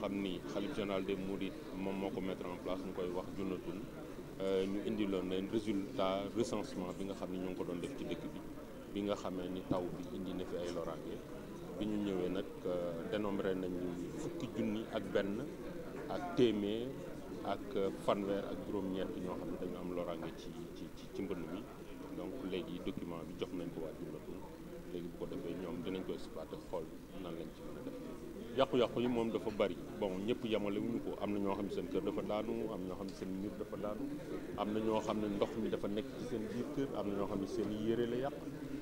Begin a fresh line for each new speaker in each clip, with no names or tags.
xam ni xalif de moo di moom moo ko mettre en place ñu koy wax junnatun euh, ñu indi loon leen résultat recensement bi nga xam ni ñoo ngi ko doon def ci dëkk bi bi nga xamee ni taw bi indi na fi ay loraange bi ñu ñëwee nag euh, dénombré nañu fukki junni ak benn ak téeméer ak euh, fanweer ak juróom-ñeent ñoo xam ne dañu am loraange ci ci ci mbënn mi donc léegi document bi jox nañ ko waa junnatun léegi bu ko defee ñoom dinañ ko exploité xool nan lañ ci mën a def yàqu-yàqu yi moom dafa bari bon ñëpp yemale wuñu ko am na ñoo xam ne seen kër dafa daanu am na ñoo xam ne seen mur dafa daanu am na ñoo xam ne ndox mi dafa nekk ci seen biir kër am na ñoo xam ne seen i yére la yàq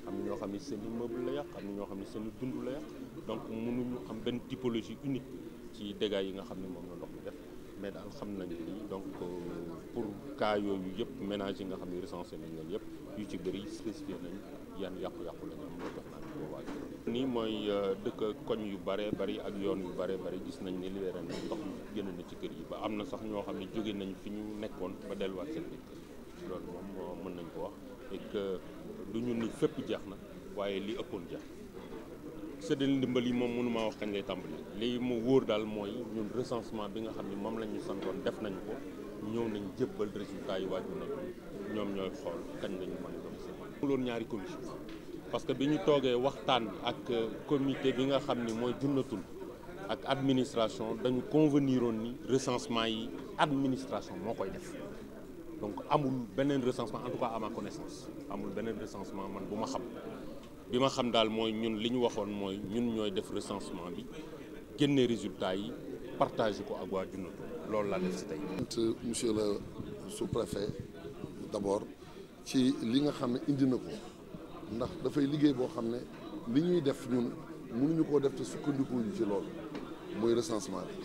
am na ñoo xam ne seen i la yàq am na ñoo xam ne seen dund la yàq donc mënuñu am benn typologie unique ci dégâts yi nga xam ne moom la ndox mi def mais daal xam nañu lii donc euh, pour cas yooyu yëpp ménage yi nga xam ne recensé nañ loolu yëpp yu ci bëri spécifié nañ yan yàqu-yàqu la ñu am loolu tax naa ko waa nii mooy euh, dëkk koñ yu bare bari ak yoon yu bare bari gis nañ ni libéré na ndox génn na ci kër yi ba am na sax ñoo xam ne jóge nañu fi ñu nekkoon ba delluwaat seen biir kër loolu mën nañ ko wax et que du jeex na waaye li ëppoon jeex séddale ndimbal yi moom mënumaa wax kañ lay tàmbali lii mu wóor daal mooy ñun recensement bi nga xam ne moom la santoon def nañu ko ñëw nañ jébbal résultat yi waaj na nekk ñoom ñooy xool kañ lañu mën a doon si loolu ñaari commission parce que bi ñu toogee waxtaan ak euh, comité bi nga xam ni mooy junnatul ak administration dañu convenir oon ni recensement yi administration moo koy def donc amul beneen recensement en tout cas amaa ma connaissance amul beneen recensement man bu ma xam bi ma xam daal mooy ñun li ñu waxoon mooy ñun ñooy def recensement bi génne résultat yi partagé ko ak waa Junnatu loolu laa def si tey. monsieur le sous-préfet d'abord
ci li nga xam ne indi na ko ndax dafay liggéey boo xam ne li ñuy def ñun mënuñu koo def te sukkandikuñu ci lool muy recensement bi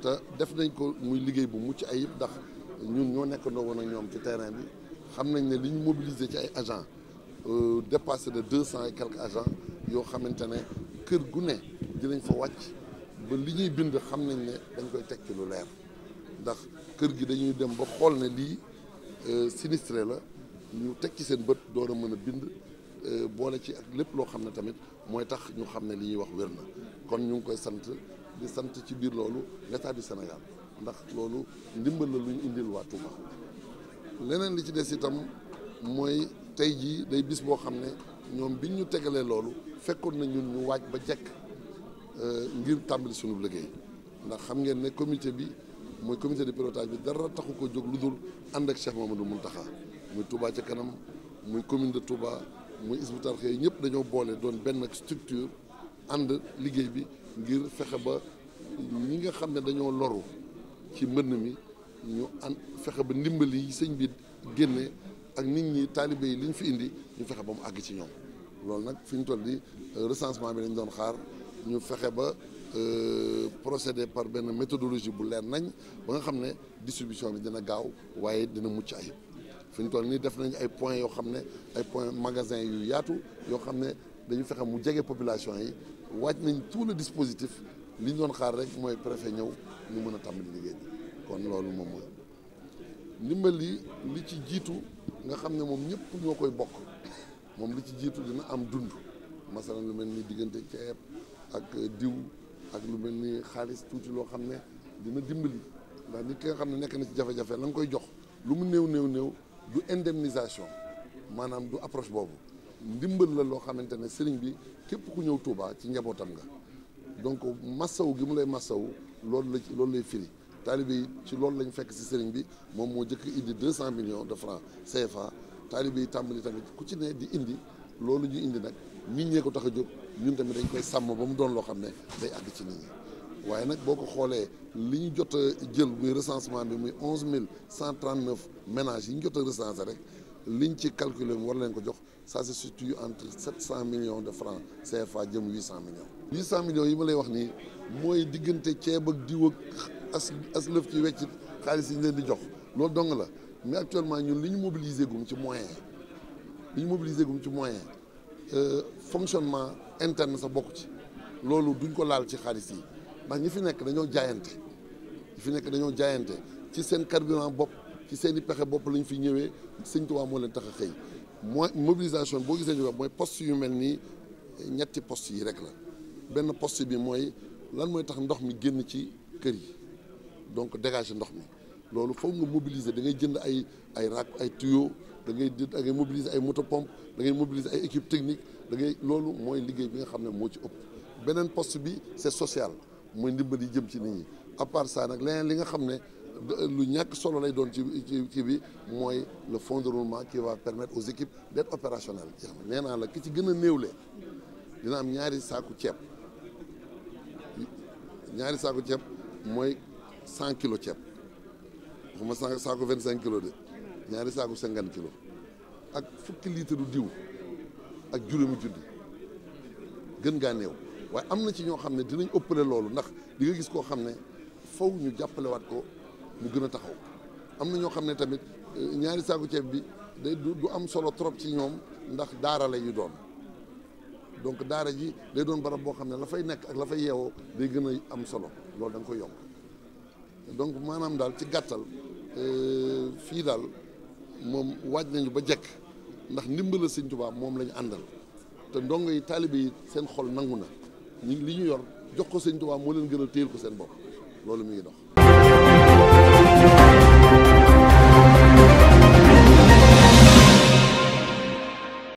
te def nañ ko muy liggéey bu mucc ayib ndax ñun ñoo nekk ndoo woon ak ñoom ci terrain bi xam nañ ne li ñu mobiliser ci ay agents euh, dépassé de deux cent et quelques agents yoo xamante ne kër gu ne dinañ fa wàcc. ba li ñuy bind xam nañ ne dañ koy teg ci lu leer ndax kër gi dañuy dem ba xool ne lii euh, sinistré la ñu teg ci seen bët door a mën a bind euh, boole ci ak lépp loo xam ne tamit mooy tax ñu xam ne li ñuy wax wér na kon ñu ngi koy sant di sant ci biir loolu l'état du Sénégal ndax loolu ndimbal la lu ñu indil waa Touba leneen li ci des itam mooy tey jii day bis boo xam ne ñoom biñ ñu tegalee loolu fekkoon na ñun ñu waaj ba jekk Euh, ngir tàmbali sunu liggéey ndax xam ngeen ne comité bi mooy comité de pilotage bi dara taxu ko jóg lu dul ànd ak du Mamadou taxa muy Touba ca kanam muy commune de Touba muy Hizbut Tarqiyyah ñëpp dañoo boole doon benn structure ànd liggéey bi ngir fexe ba ñi nga xam ne dañoo loru ci mbënn mi ñu an fexe ba ndimbali yi sëñ bi génne ak nit ñi taalibe yi li fi indi ñu fexe ba mu àgg ci ñoom loolu nag fi ñu toll di euh, recensement bi lañ doon xaar. ñu fexe ba euh, procéder par benn méthodologie bu leer nañ ba nga xam ne distribution bi dina gaaw waaye dina mucc ayib fi ñu toll nii def nañ ay points yoo xam ne ay points magasin yu yaatu yoo xam ne dañu fexe mu jege population yi waaj nañ tout le dispositif li ñu doon xaar rek mooy préfet ñëw ñu mën a tàmbali liggéey bi kon loolu moom mooy ndimbal li li ci jiitu nga xam ne moom ñëpp ñoo koy bokk moom li ci jiitu dina am dund masalan lu mel ni diggante ceeb ak diw ak lu mel ni xaalis tuuti loo xam ne dina dimbali ndax nit ki nga xam ne nekk na ci jafe-jafe la nga koy jox lu mu néew néew néew du indemnisation maanaam du approche boobu ndimbal la loo xamante ne sëriñ bi képp ku ñëw Touba ci njabootam nga donc massaw gi mu lay massaw loolu la ci loolu lay firi taalibe yi ci loolu lañ fekk si sëriñ bi moom moo jëkk indi deux cent millions de francs CFA taalibe yi tàmbali tamit ku ci ne di indi loolu ñu indi nag nit ñee ko tax a jóg ñun tamit dañ koy sàmm ba mu doon loo xam ne day àgg ci nit ñi waaye nag boo ko xoolee li ñu jot a jël muy recensement bi muy onze mille cent trente neuf ménages yi ñu jot a recensé rek liñ ci calculer mu war leen ko jox ça se situe entre sept cent million de francs CFA jëm huit cent millions. huit cent millions yi ma lay wax nii mooy diggante ceeb ak diw ak as as lëf ci weccit xaalis yi leen di jox loolu dong la mais actuellement ñun li ñu mobiliser gum ci moyen li ñu mobiliser gum ci moyen. Euh, fonctionnement interne sa bokk ci loolu duñ ko laal ci xaalis yi ndax ñi fi nekk dañoo jaayante ñi fi nekk dañoo jaayante ci seen carburant bopp ci seen i pexe bopp lañ fi ñëwee sëñ moo leen tax a xëy mooy mobilisation boo gisee ñu mooy post yu mel nii ñetti post yi rek la benn poste bi mooy lan mooy tax ndox mi génn ci kër yi donc dégage ndox mi loolu foog nga mobiliser da ngay jënd ay ay rak ay tuyaux da ngay da ngay mobiliser ay moto pompe da ngay mobiliser ay équipe technique da ngay loolu mooy liggéey bi nga xam ne moo ci ëpp beneen post bi c'est social mooy ndimbal yi jëm ci nit ñi à part nag leneen li nga xam ne lu ñàkk solo lay doon ci ci bi mooy le fonds de roulement qui va permettre aux équipes d'être opérationnelles jeex na nee naa la ki ci gën a néewle dina am ñaari saaku ceeb ñaari saaku ceeb mooy cent kilos ceeb waxuma sa saako vingt cinq kilo de ñaari saako cinquante kilos ak fukki litre diw ak juróomi junni gën gaa néew waaye am na ci ñoo xam ne dinañ ëppale loolu ndax di nga gis koo xam ne faw ñu jàppalewaat ko mu gën a taxaw am na ñoo xam ne tamit euh, ñaari saaku ceeb bi day du am solo trop ci ñoom ndax daara la ñu doon donc daara ji day doon barab boo xam ne la fay nekk ak la fay yeewoo day gën a am solo loolu da koy yomb donc maanaam daal ci gàttal euh, fii daal moom waaj nañu ba jekk ndax ndimbala sëñ Tuubaa moom la ñu àndal te ndongo yi taalibe yi seen xol nangu na ñi li ñu yor jox ko sëñ Tuubaa moo leen gën a téyel ko seen bopp loolu muy dox